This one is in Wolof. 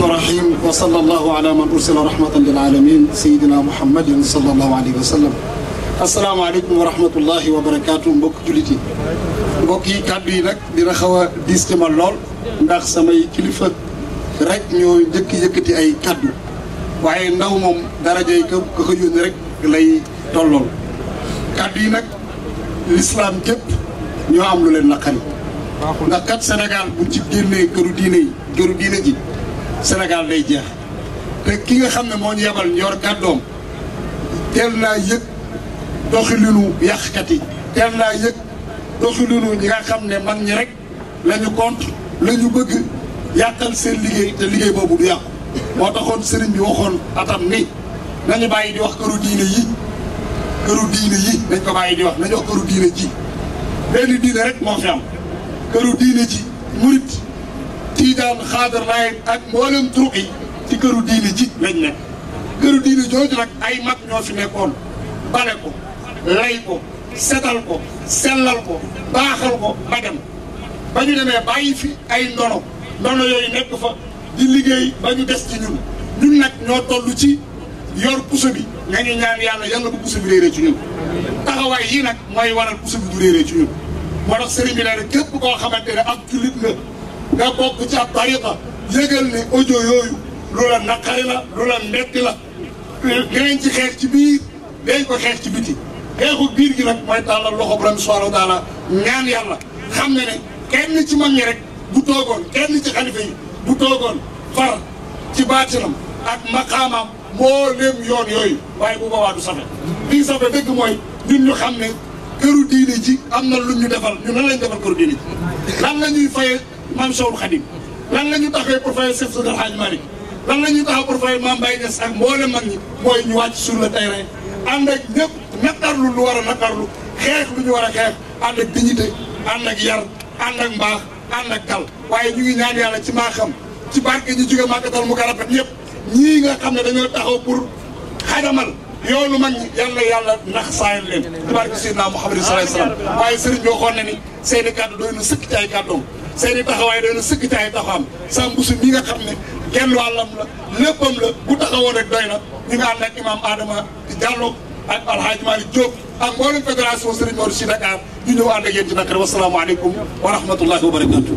rahim wa sallallahu ala man ursila rahmatan lil alamin sayidina muhammadin sallallahu alayhi wa sallam asalaamaaleykum wa rahmatullahi wa barakaatu mbokk jullit yi mbokk yi kàddu yi nag dina xaw diis ci ma lool ndax samay kilifa rek ñoo njëkk yëkkati ay kàddu waaye ndaw moom darajay ka ka ko yónni rek lay tollool kàddu yi nag lislaam képp ñoo am lu leen naqari ndax kat Sénégal bu ci génnee këru diine ji senegal day jeex te ki nga xam ne moo ñu yebal yor gàddoom teel naa yëg doxalinu yàqkat yi teel naa yëg doxalinu ñi nga xam ne mag ñi rek lañu ñu contre la ñu bëgg yàqal seen liggéey te liggéey boobu du yàqu moo taxoon sëriñ bi waxoon atam ni nañu bàyyi di wax këru diine yi këru diine yi nañ ko bàyyi di wax nañu wax këru diine ji benn diine rek moo fi am këru diine ji murit tiijaan xaadar laay ak mboolem turuq ci këru diini ji lañ nekk këru diini jooju nag ay mag ñoo fi nekkoon bale ko lay ko setal ko sellal ko baaxal ko ba dem ba ñu demee bàyyi fi ay ndono ndono yooyu nekk fa di liggéey ba ñu des ci ñun ñun nag ñoo toll ci yor puso bi nga ñu ñaan yàlla yàlla bu puso bi réeree ci ñun taxawaay yi nag mooy waral puso bi du réeree ci ñun moo tax sëriñ bi nee na képp koo xamante ne ab jullit nga nga bokk ci ab tariqa yëgal ni audio yooyu lu la naqari la lu la metti la dinañ ci xeex ci biir dañ ko xeex ci biti xeexu biir gi nag mooy tàllal loxo borom subhanahu wa taala ñaan yàlla xam ne ne kenn ci mag ñi rek bu toogoon kenn ci xalifa yi bu toogoon far ci baatinam ak maqaamam moo léem yoon yooyu waaye bu boobaa du safe lii safe dëgg mooy ñun ñu xam ne këru diine ji am na lu ñu defal ñu nan lañ defal këru diine ji lan la ñuy faye maam Cheikhul Khadim lan la ñu taxawee pour fayal Seex Seydi El Hadji la ñu taxaw pour fayal maam Baye Niass ak mboolem mag ñi mooy ñu wàcc sur le terrain ànd ak ñëpp naqarlu lu war a naqarlu xeex lu ñu war a xeex ànd ak dignité ànd ak yar ànd ak mbaax ànd ak dal waaye ñu ngi ñaan yàlla ci maa xam ci barke ñu jóge màkkatal mu karabat ñëpp ñii nga xam ne dañoo taxaw pour xadamal yoonu mag ñi yàlla yàlla nax saayal leen ci barke Seydina Muhammad sallallahu alayhi wasallam waaye sëriñ bi ni seeni kàddu doy na sëkk ci seen i taxawaay doy na sëkk ci ay taxawaam Samb Bousso mi nga xam ne genn wàllam la léppam la bu taxawoon rek doy na ñu ngi ànd ak imaam Adama Diallo ak Alhaji Malick Diop ak mboolem fédération Serigne Mor si Dakar ñu ñëw ànd ak yéen ci Dakar wasalaamaaleykum wa rahmatullahi wa barakatu